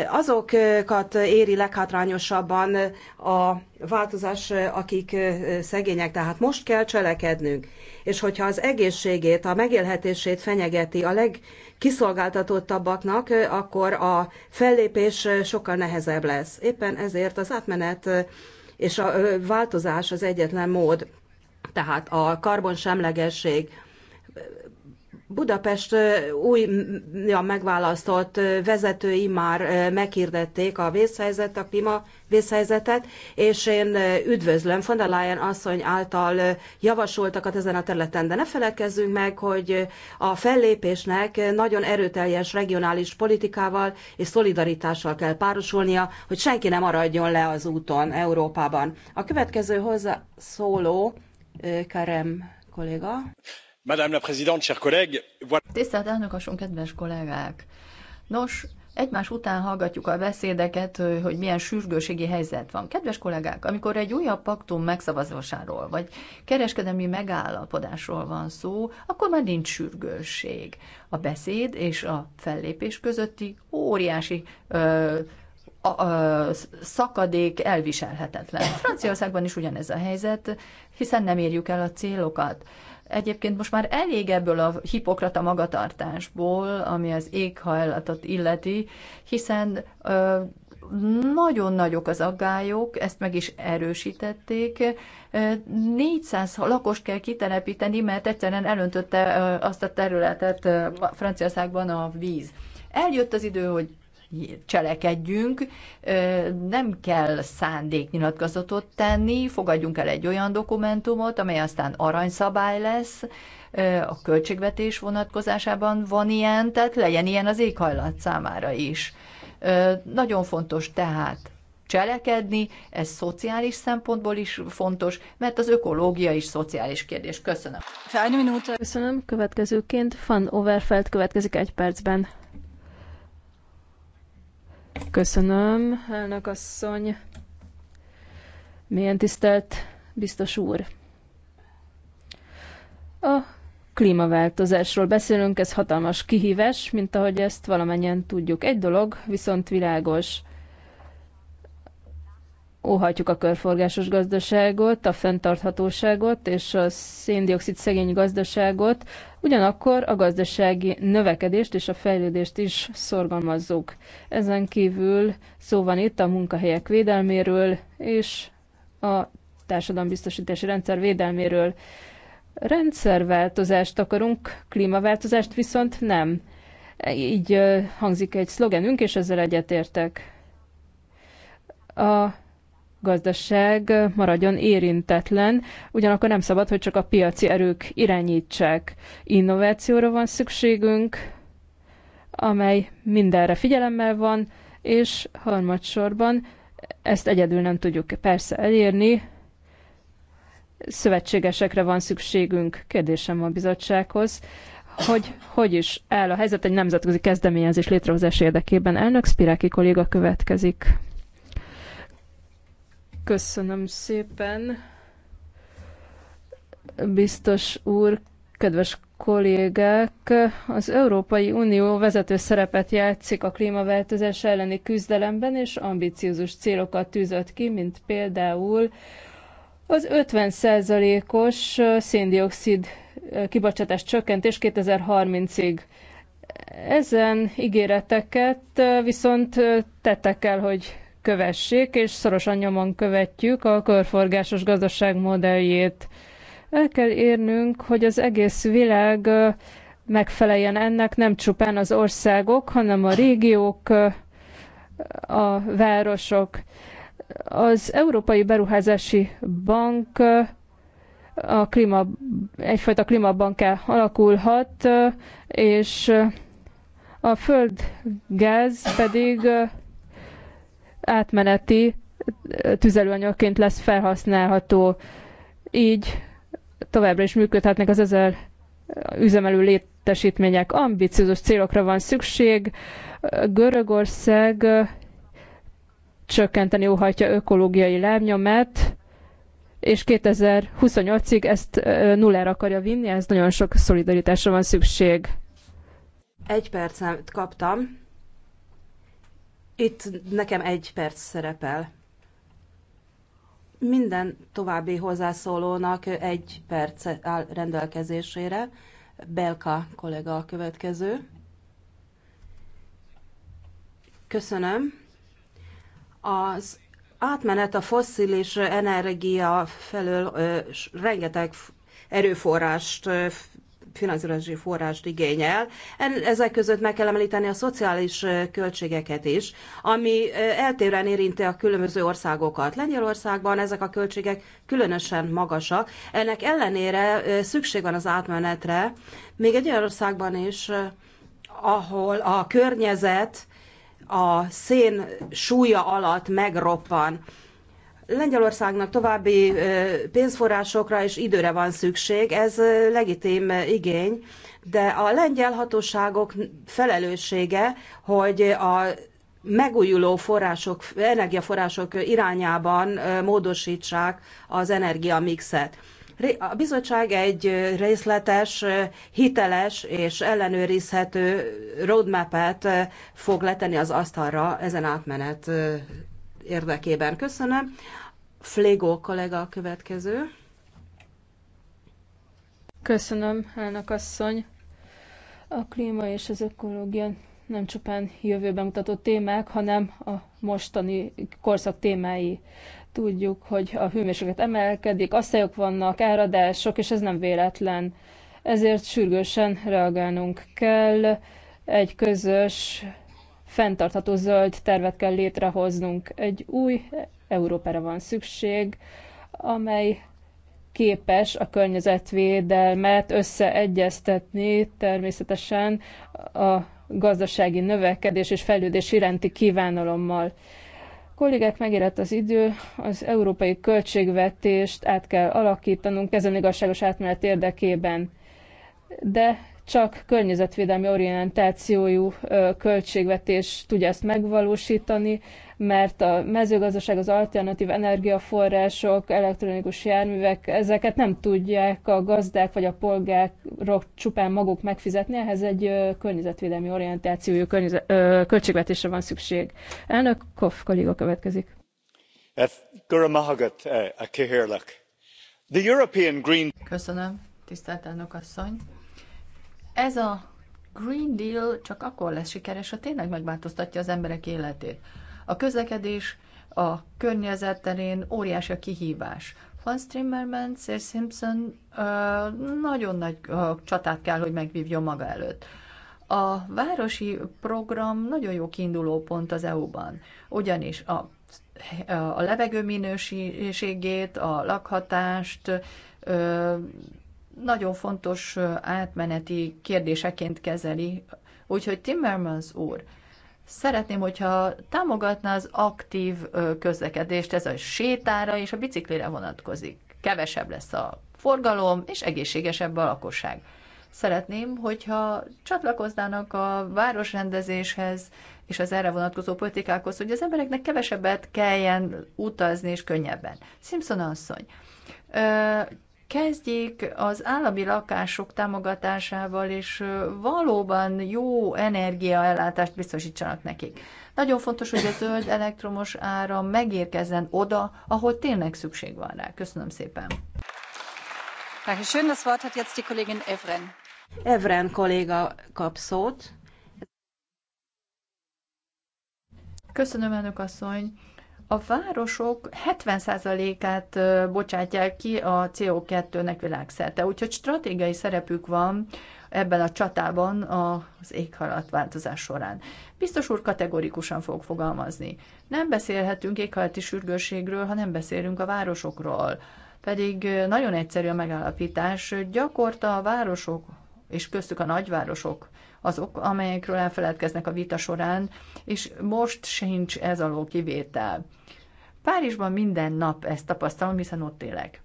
Azokat éri leghátrányosabban a változás, akik szegények, tehát most kell cselekednünk. És hogyha az egészségét, a megélhetését fenyegeti a legkiszolgáltatottabbaknak, akkor a fellépés sokkal nehezebb lesz. Éppen ezért az átmenet és a változás az egyetlen mód tehát a karbonsemlegesség, Budapest ja, megválasztott vezetői már meghirdették a vészhelyzet, a klíma vészhelyzetet, és én üdvözlöm von der Leyen asszony által javasoltakat ezen a területen, de ne feledkezzünk meg, hogy a fellépésnek nagyon erőteljes regionális politikával és szolidaritással kell párosulnia, hogy senki nem maradjon le az úton Európában. A következő hozzászóló Karem kolléga. Madame la présidente, chers collègues. Tisztelt elnök asszony, kedves kollégák! Nos, egymás után hallgatjuk a beszédeket, hogy milyen sürgőségi helyzet van. Kedves kollégák, amikor egy újabb paktum megszavazásáról, vagy kereskedelmi megállapodásról van szó, akkor már nincs sürgősség. A beszéd és a fellépés közötti óriási ö, a, a szakadék elviselhetetlen. Franciaországban is ugyanez a helyzet, hiszen nem érjük el a célokat. Egyébként most már elég ebből a hipokrata magatartásból, ami az éghajlatot illeti, hiszen ö, nagyon nagyok az aggályok, ezt meg is erősítették. 400 lakost kell kitelepíteni, mert egyszerűen elöntötte azt a területet Franciaországban a víz. Eljött az idő, hogy cselekedjünk, nem kell szándéknyilatkozatot tenni, fogadjunk el egy olyan dokumentumot, amely aztán aranyszabály lesz, a költségvetés vonatkozásában van ilyen, tehát legyen ilyen az éghajlat számára is. Nagyon fontos tehát cselekedni, ez szociális szempontból is fontos, mert az ökológia is szociális kérdés. Köszönöm. Köszönöm. Következőként Van Overfeld következik egy percben. Köszönöm, elnök asszony. Milyen tisztelt biztos úr. A klímaváltozásról beszélünk, ez hatalmas kihívás, mint ahogy ezt valamennyien tudjuk. Egy dolog viszont világos – óhajtjuk a körforgásos gazdaságot, a fenntarthatóságot és a széndiokszid szegény gazdaságot, ugyanakkor a gazdasági növekedést és a fejlődést is szorgalmazzuk. Ezen kívül szó van itt a munkahelyek védelméről és a társadalombiztosítási rendszer védelméről. Rendszerváltozást akarunk, klímaváltozást viszont nem. Így hangzik egy szlogenünk, és ezzel egyetértek. A gazdaság maradjon érintetlen, ugyanakkor nem szabad, hogy csak a piaci erők irányítsák. Innovációra van szükségünk, amely mindenre figyelemmel van, és harmadsorban ezt egyedül nem tudjuk persze elérni, szövetségesekre van szükségünk, kérdésem a bizottsághoz, hogy hogy is áll a helyzet egy nemzetközi kezdeményezés létrehozás érdekében. Elnök Spiráki kolléga következik. Köszönöm szépen, biztos úr, kedves kollégák! Az Európai Unió vezető szerepet játszik a klímaváltozás elleni küzdelemben, és ambiciózus célokat tűzött ki, mint például az 50%-os széndiokszid kibocsátás csökkentés 2030-ig. Ezen ígéreteket viszont tettek el, hogy kövessék, és szorosan nyomon követjük a körforgásos gazdaság modelljét. El kell érnünk, hogy az egész világ megfeleljen ennek, nem csupán az országok, hanem a régiók, a városok. Az Európai Beruházási Bank a klíma, egyfajta klímabanká alakulhat, és a földgáz pedig átmeneti tüzelőanyagként lesz felhasználható. Így továbbra is működhetnek az ezer üzemelő létesítmények. Ambiciózus célokra van szükség. Görögország csökkenteni óhatja ökológiai lábnyomát, és 2028-ig ezt nullára akarja vinni, ez nagyon sok szolidaritásra van szükség. Egy percet kaptam. Itt nekem egy perc szerepel. Minden további hozzászólónak egy perc áll rendelkezésére. Belka kollega a következő. Köszönöm. Az átmenet a fosszilis energia felől ö, rengeteg erőforrást finanszírozási forrást igényel. Ezek között meg kell említeni a szociális költségeket is, ami eltérően érinti a különböző országokat. Lengyelországban ezek a költségek különösen magasak. Ennek ellenére szükség van az átmenetre, még egy olyan országban is, ahol a környezet a szén súlya alatt megroppan. Lengyelországnak további pénzforrásokra és időre van szükség, ez legitim igény, de a lengyel hatóságok felelőssége, hogy a megújuló források, energiaforrások irányában módosítsák az energiamixet. A bizottság egy részletes, hiteles és ellenőrizhető roadmap-et fog letenni az asztalra ezen átmenet érdekében. Köszönöm. Flégó kollega a következő. Köszönöm, elnök asszony. A klíma és az ökológia nem csupán jövőben mutató témák, hanem a mostani korszak témái. Tudjuk, hogy a hőmérséklet emelkedik, asszályok vannak, áradások, és ez nem véletlen. Ezért sürgősen reagálnunk kell egy közös fenntartható zöld tervet kell létrehoznunk. Egy új Európára van szükség, amely képes a környezetvédelmet összeegyeztetni természetesen a gazdasági növekedés és fejlődés iránti kívánalommal. Kollégák, megérett az idő, az európai költségvetést át kell alakítanunk ezen igazságos átmenet érdekében. De csak környezetvédelmi orientációjú költségvetés tudja ezt megvalósítani, mert a mezőgazdaság, az alternatív energiaforrások, elektronikus járművek, ezeket nem tudják a gazdák vagy a polgárok csupán maguk megfizetni, ehhez egy környezetvédelmi orientációjú költségvetésre van szükség. Elnök Koff kolléga következik. Eh, Köszönöm, tisztelt elnök asszony! Ez a Green Deal csak akkor lesz sikeres, ha tényleg megváltoztatja az emberek életét. A közlekedés a környezet terén óriási a kihívás. Hans Trimmerman, és Simpson nagyon nagy csatát kell, hogy megvívjon maga előtt. A városi program nagyon jó kiinduló pont az EU-ban, ugyanis a, a levegő minőségét, a lakhatást, nagyon fontos átmeneti kérdéseként kezeli. Úgyhogy Timmermans úr, szeretném, hogyha támogatná az aktív közlekedést, ez a sétára és a biciklire vonatkozik. Kevesebb lesz a forgalom, és egészségesebb a lakosság. Szeretném, hogyha csatlakoznának a városrendezéshez és az erre vonatkozó politikákhoz, hogy az embereknek kevesebbet kelljen utazni és könnyebben. Simpson asszony, kezdjék az állami lakások támogatásával, és valóban jó energiaellátást biztosítsanak nekik. Nagyon fontos, hogy a zöld elektromos áram megérkezzen oda, ahol tényleg szükség van rá. Köszönöm szépen. Dankeschön, das Wort hat jetzt die Kollegin Evren. Evren kolléga kap szót. Köszönöm, elnök asszony a városok 70%-át bocsátják ki a CO2-nek világszerte, úgyhogy stratégiai szerepük van ebben a csatában az éghajlatváltozás során. Biztos úr kategorikusan fog fogalmazni. Nem beszélhetünk éghajlati sürgőségről, ha nem beszélünk a városokról. Pedig nagyon egyszerű a megállapítás, gyakorta a városok, és köztük a nagyvárosok azok, amelyekről elfeledkeznek a vita során, és most sincs ez alól kivétel. Párizsban minden nap ezt tapasztalom, hiszen ott élek.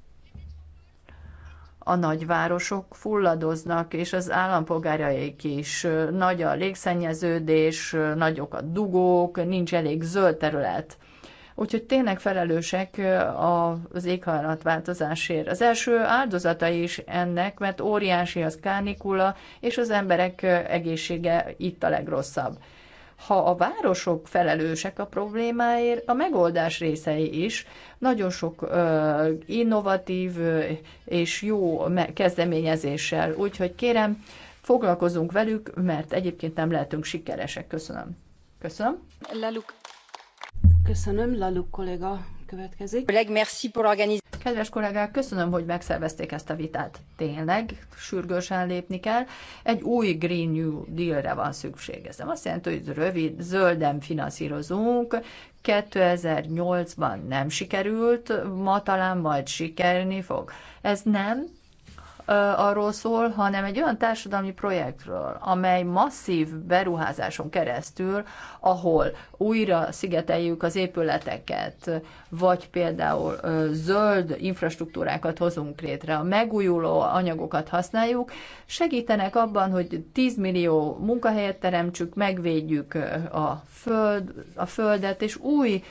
A nagyvárosok fulladoznak, és az állampolgáraik is. Nagy a légszennyeződés, nagyok a dugók, nincs elég zöld terület. Úgyhogy tényleg felelősek az éghajlatváltozásért. Az első áldozata is ennek, mert óriási az kánikula, és az emberek egészsége itt a legrosszabb ha a városok felelősek a problémáért, a megoldás részei is. Nagyon sok ö, innovatív és jó kezdeményezéssel. Úgyhogy kérem, foglalkozunk velük, mert egyébként nem lehetünk sikeresek. Köszönöm. Köszönöm. Laluk. Köszönöm, Laluk kolléga következik. Kedves kollégák, köszönöm, hogy megszervezték ezt a vitát. Tényleg sürgősen lépni kell. Egy új Green New Deal-re van szükség. Ez nem azt jelenti, hogy rövid, zölden finanszírozunk. 2008-ban nem sikerült, ma talán majd sikerni fog. Ez nem arról szól, hanem egy olyan társadalmi projektről, amely masszív beruházáson keresztül, ahol újra szigeteljük az épületeket, vagy például zöld infrastruktúrákat hozunk létre, a megújuló anyagokat használjuk, segítenek abban, hogy 10 millió munkahelyet teremtsük, megvédjük a, föld, a földet, és új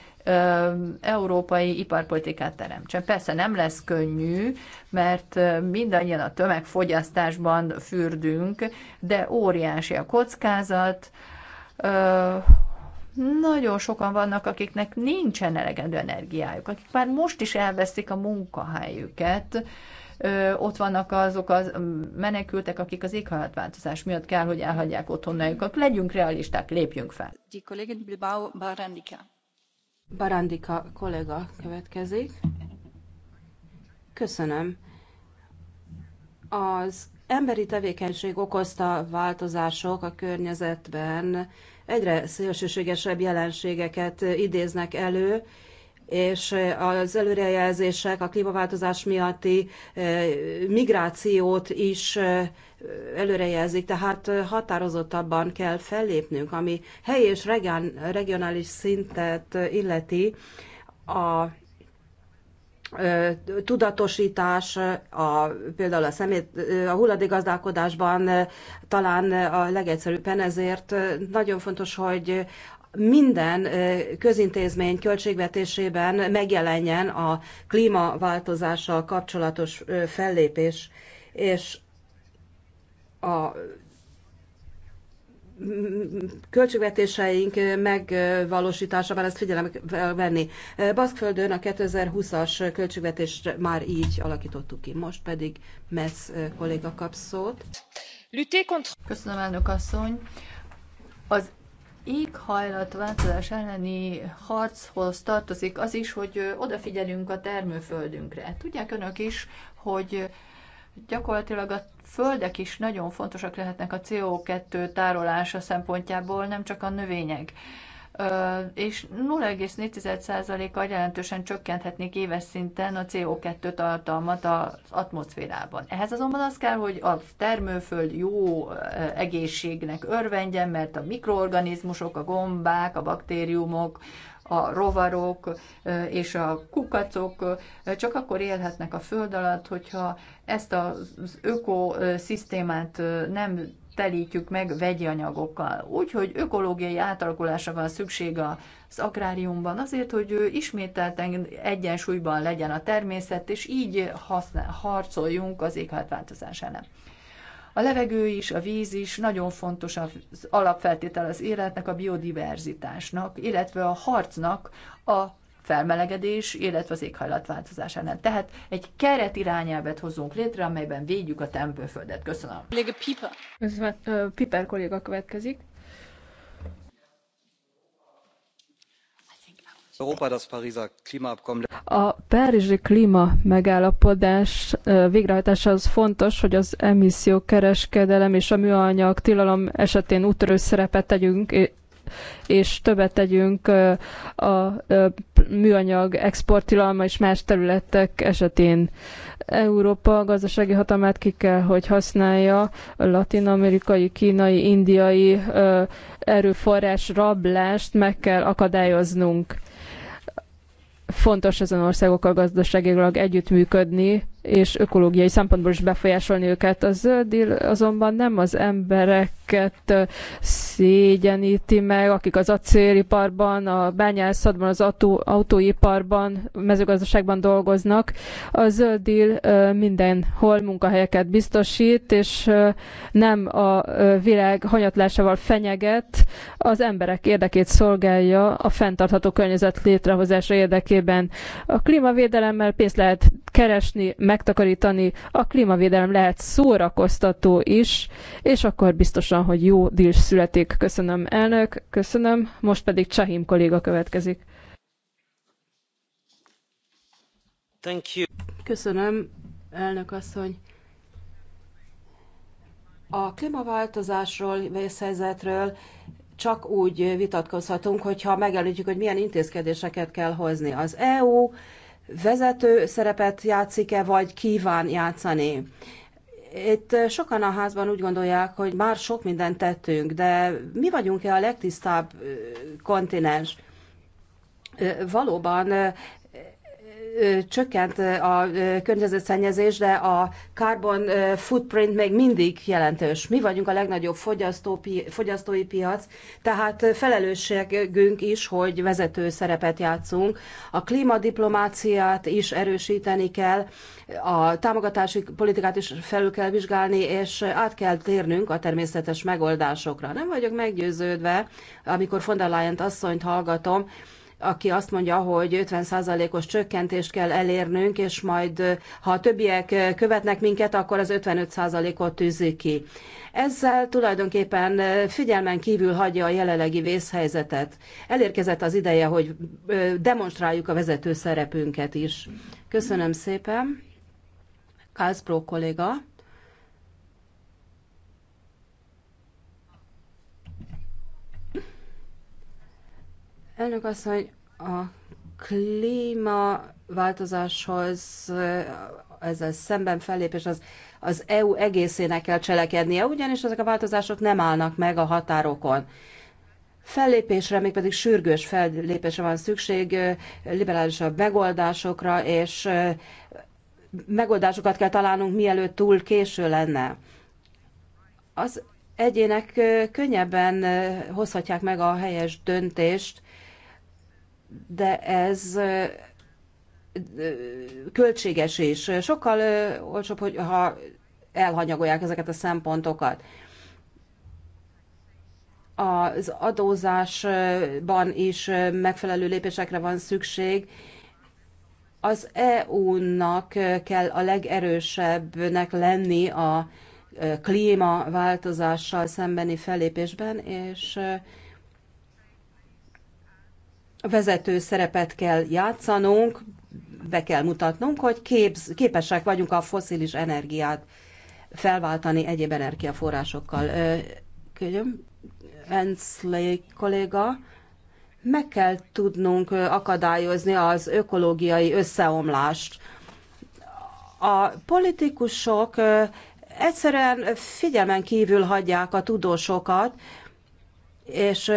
európai iparpolitikát teremtsen. Persze nem lesz könnyű, mert mindannyian a tömegfogyasztásban fürdünk, de óriási a kockázat, nagyon sokan vannak, akiknek nincsen elegendő energiájuk, akik már most is elveszik a munkahelyüket, ott vannak azok a az menekültek, akik az éghajlatváltozás miatt kell, hogy elhagyják otthonájukat. Legyünk realisták, lépjünk fel. Die Kollegin Bilbao Barandica. Barandika kollega következik. Köszönöm. Az emberi tevékenység okozta változások a környezetben egyre szélsőségesebb jelenségeket idéznek elő, és az előrejelzések a klímaváltozás miatti migrációt is előrejelzik, tehát határozottabban kell fellépnünk, ami helyi és regionális szintet illeti a tudatosítás, a, például a, szemét, a hulladékgazdálkodásban talán a legegyszerűbben, ezért nagyon fontos, hogy minden közintézmény költségvetésében megjelenjen a klímaváltozással kapcsolatos fellépés, és a költségvetéseink megvalósításában ezt figyelembe venni. Baszkföldön a 2020-as költségvetést már így alakítottuk ki, most pedig mesz, kolléga kap szót. Köszönöm, elnök asszony. Az éghajlatváltozás elleni harchoz tartozik az is, hogy odafigyelünk a termőföldünkre. Tudják önök is, hogy gyakorlatilag a földek is nagyon fontosak lehetnek a CO2 tárolása szempontjából, nem csak a növények és 04 a jelentősen csökkenthetnék éves szinten a CO2 tartalmat az atmoszférában. Ehhez azonban az kell, hogy a termőföld jó egészségnek örvendjen, mert a mikroorganizmusok, a gombák, a baktériumok, a rovarok és a kukacok csak akkor élhetnek a föld alatt, hogyha ezt az ökoszisztémát nem telítjük meg vegyi anyagokkal. Úgyhogy ökológiai átalakulásra van szükség az agráriumban, azért, hogy ismételten egyensúlyban legyen a természet, és így használ, harcoljunk az éghajlatváltozás ellen. A levegő is, a víz is nagyon fontos az alapfeltétel az életnek, a biodiverzitásnak, illetve a harcnak a felmelegedés, illetve az éghajlatváltozás ellen. Tehát egy keret irányelvet hozunk létre, amelyben védjük a tempőföldet. Köszönöm. Kolléga Piper. Piper kolléga következik. A párizsi klíma megállapodás végrehajtása az fontos, hogy az emissziókereskedelem és a műanyag tilalom esetén úttörő szerepet tegyünk, és többet tegyünk a műanyag exporttilalma és más területek esetén. Európa gazdasági hatalmát ki kell, hogy használja a latin-amerikai, kínai, indiai erőforrás rablást meg kell akadályoznunk. Fontos ezen országokkal gazdaságilag együttműködni, és ökológiai szempontból is befolyásolni őket. A zöld deal azonban nem az embereket szégyeníti meg, akik az acéliparban, a bányászatban, az autó, autóiparban, mezőgazdaságban dolgoznak. A zöld deal mindenhol munkahelyeket biztosít, és nem a világ hanyatlásával fenyeget, az emberek érdekét szolgálja a fenntartható környezet létrehozása érdekében. A klímavédelemmel pénzt lehet keresni, megtakarítani, a klímavédelem lehet szórakoztató is, és akkor biztosan, hogy jó díl születik. Köszönöm, elnök, köszönöm. Most pedig Csahim kolléga következik. Thank you. Köszönöm, elnök asszony. A klímaváltozásról, vészhelyzetről csak úgy vitatkozhatunk, hogyha megelőzzük, hogy milyen intézkedéseket kell hozni. Az EU vezető szerepet játszik-e, vagy kíván játszani. Itt sokan a házban úgy gondolják, hogy már sok mindent tettünk, de mi vagyunk-e a legtisztább kontinens? Valóban csökkent a környezetszennyezés, de a carbon footprint még mindig jelentős. Mi vagyunk a legnagyobb fogyasztó, fogyasztói piac, tehát felelősségünk is, hogy vezető szerepet játszunk. A klímadiplomáciát is erősíteni kell, a támogatási politikát is felül kell vizsgálni, és át kell térnünk a természetes megoldásokra. Nem vagyok meggyőződve, amikor von der Leyen asszonyt hallgatom, aki azt mondja, hogy 50%-os csökkentést kell elérnünk, és majd ha a többiek követnek minket, akkor az 55%-ot tűzi ki. Ezzel tulajdonképpen figyelmen kívül hagyja a jelenlegi vészhelyzetet. Elérkezett az ideje, hogy demonstráljuk a vezető szerepünket is. Köszönöm szépen. Kászpró kolléga. Elnök asszony, a klímaváltozáshoz ezzel szemben fellépés az, az EU egészének kell cselekednie, ugyanis ezek a változások nem állnak meg a határokon. Fellépésre, mégpedig sürgős fellépésre van szükség, liberálisabb megoldásokra, és megoldásokat kell találnunk, mielőtt túl késő lenne. Az egyének könnyebben hozhatják meg a helyes döntést, de ez költséges és sokkal olcsóbb, ha elhanyagolják ezeket a szempontokat. Az adózásban is megfelelő lépésekre van szükség. Az EU-nak kell a legerősebbnek lenni a klímaváltozással szembeni fellépésben, és vezető szerepet kell játszanunk, be kell mutatnunk, hogy képz, képesek vagyunk a foszilis energiát felváltani egyéb energiaforrásokkal. Könyöm, Enszlé kolléga, meg kell tudnunk akadályozni az ökológiai összeomlást. A politikusok egyszerűen figyelmen kívül hagyják a tudósokat, és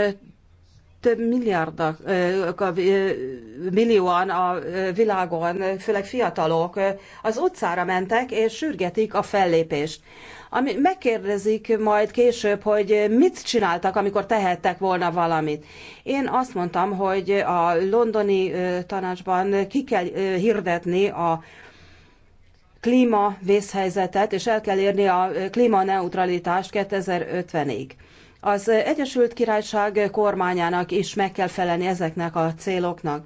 több milliárdak, millióan a világon, főleg fiatalok az utcára mentek, és sürgetik a fellépést. Ami megkérdezik majd később, hogy mit csináltak, amikor tehettek volna valamit. Én azt mondtam, hogy a londoni tanácsban ki kell hirdetni a klímavészhelyzetet, és el kell érni a klímaneutralitást 2050-ig. Az Egyesült Királyság kormányának is meg kell felelni ezeknek a céloknak.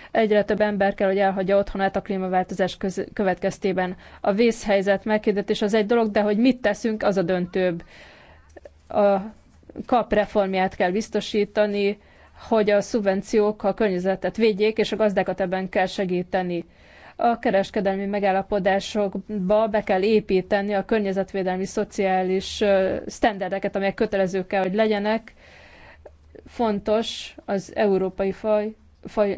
Egyre több ember kell, hogy elhagyja otthonát a klímaváltozás következtében. A vészhelyzet megkérdetés az egy dolog, de hogy mit teszünk, az a döntőbb. A kap reformját kell biztosítani, hogy a szubvenciók a környezetet védjék, és a gazdákat ebben kell segíteni a kereskedelmi megállapodásokba be kell építeni a környezetvédelmi, szociális sztenderdeket, amelyek kötelezők kell, hogy legyenek. Fontos az európai faj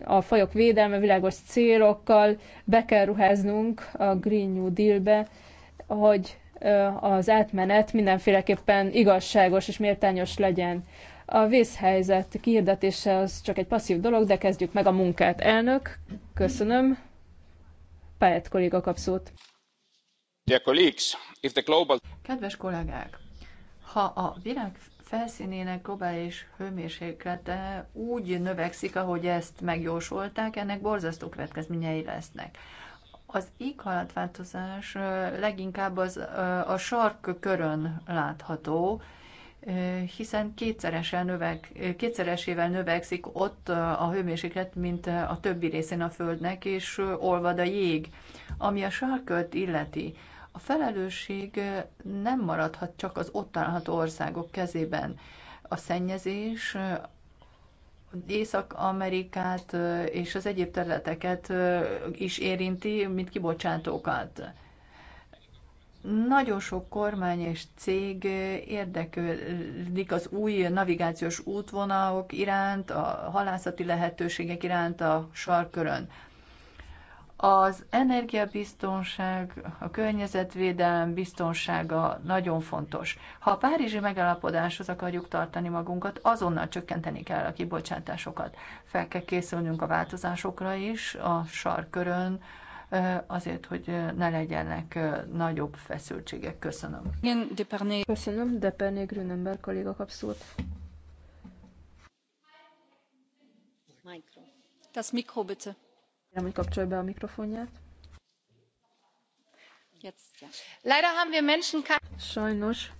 a fajok védelme világos célokkal, be kell ruháznunk a Green New Deal-be, hogy az átmenet mindenféleképpen igazságos és méltányos legyen. A vészhelyzet kihirdetése az csak egy passzív dolog, de kezdjük meg a munkát. Elnök, köszönöm. Pályát kolléga kap szót. Global... Kedves kollégák, ha a világ felszínének globális hőmérséklete úgy növekszik, ahogy ezt megjósolták, ennek borzasztó következményei lesznek. Az éghajlatváltozás leginkább az, a sark körön látható, hiszen kétszeresen növek, kétszeresével növekszik ott a hőmérséklet, mint a többi részén a Földnek, és olvad a jég. Ami a sarkölt illeti, a felelősség nem maradhat csak az ott található országok kezében. A szennyezés Észak-Amerikát és az egyéb területeket is érinti, mint kibocsátókat. Nagyon sok kormány és cég érdeklődik az új navigációs útvonalok iránt, a halászati lehetőségek iránt a sarkörön. Az energiabiztonság, a környezetvédelem biztonsága nagyon fontos. Ha a párizsi megállapodáshoz akarjuk tartani magunkat, azonnal csökkenteni kell a kibocsátásokat. Fel kell készülnünk a változásokra is a sarkörön, azért, hogy ne legyenek nagyobb feszültségek. Köszönöm. Köszönöm, de Perné Grünember kolléga kap szót. Das Mikro bitte Kérem, hogy kapcsolja be a mikrofonját. Sajnos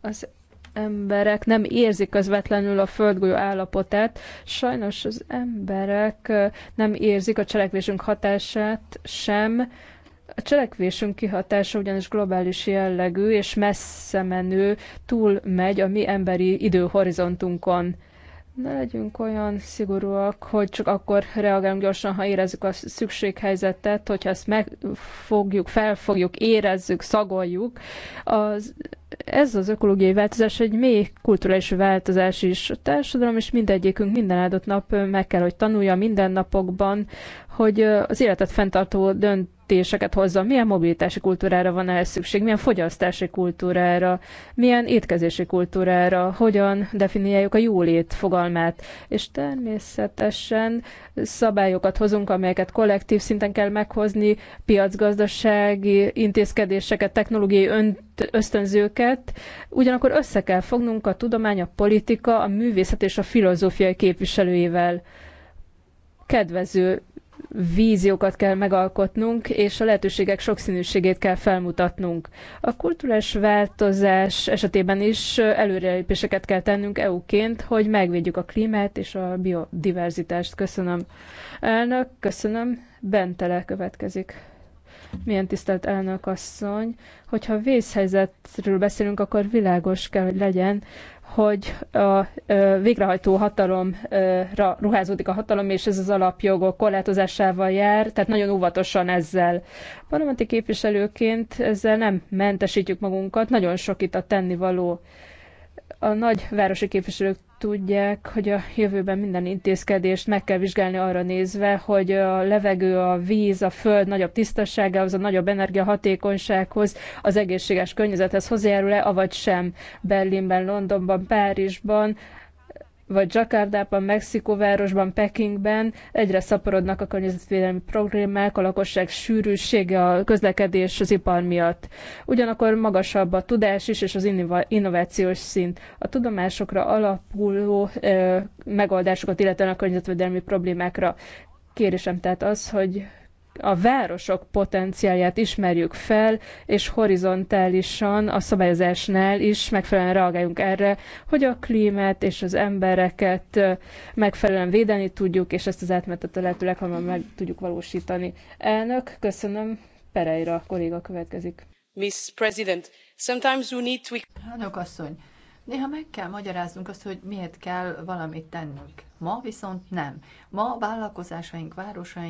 az emberek nem érzik közvetlenül a földgolyó állapotát, sajnos az emberek nem érzik a cselekvésünk hatását sem. A cselekvésünk kihatása ugyanis globális jellegű és messze menő, túl megy a mi emberi időhorizontunkon. Ne legyünk olyan szigorúak, hogy csak akkor reagálunk gyorsan, ha érezzük a szükséghelyzetet, hogyha ezt megfogjuk, felfogjuk, érezzük, szagoljuk. Az, ez az ökológiai változás egy mély kulturális változás is. A társadalom és mindegyikünk minden áldott nap meg kell, hogy tanulja mindennapokban, hogy az életet fenntartó dönt döntéseket hozza, milyen mobilitási kultúrára van ehhez szükség, milyen fogyasztási kultúrára, milyen étkezési kultúrára, hogyan definiáljuk a jólét fogalmát. És természetesen szabályokat hozunk, amelyeket kollektív szinten kell meghozni, piacgazdasági intézkedéseket, technológiai ösztönzőket, ugyanakkor össze kell fognunk a tudomány, a politika, a művészet és a filozófiai képviselőivel kedvező víziókat kell megalkotnunk, és a lehetőségek sokszínűségét kell felmutatnunk. A kulturális változás esetében is előrelépéseket kell tennünk EU-ként, hogy megvédjük a klímát és a biodiverzitást. Köszönöm. Elnök, köszönöm. Bentele következik. Milyen tisztelt elnök asszony, hogyha vészhelyzetről beszélünk, akkor világos kell, hogy legyen, hogy a végrehajtó hatalomra ruházódik a hatalom, és ez az alapjogok korlátozásával jár, tehát nagyon óvatosan ezzel. Parlamenti képviselőként ezzel nem mentesítjük magunkat, nagyon sok itt a tennivaló. A nagy városi képviselők tudják, hogy a jövőben minden intézkedést meg kell vizsgálni arra nézve, hogy a levegő, a víz, a föld nagyobb tisztaságához, a nagyobb energiahatékonysághoz, az egészséges környezethez hozzájárul-e, avagy sem Berlinben, Londonban, Párizsban vagy Jakartában, Mexikóvárosban, Pekingben egyre szaporodnak a környezetvédelmi problémák, a lakosság sűrűsége, a közlekedés az ipar miatt. Ugyanakkor magasabb a tudás is, és az innovációs szint. A tudomásokra alapuló ö, megoldásokat, illetve a környezetvédelmi problémákra kérésem tehát az, hogy a városok potenciálját ismerjük fel, és horizontálisan a szabályozásnál is megfelelően reagáljunk erre, hogy a klímát és az embereket megfelelően védeni tudjuk, és ezt az átmetet a lehető leghamarabb meg tudjuk valósítani. Elnök, köszönöm. Pereira kolléga következik. Miss President, sometimes we need to... Elnök asszony, Néha meg kell magyaráznunk azt, hogy miért kell valamit tennünk. Ma viszont nem. Ma vállalkozásaink, városaink,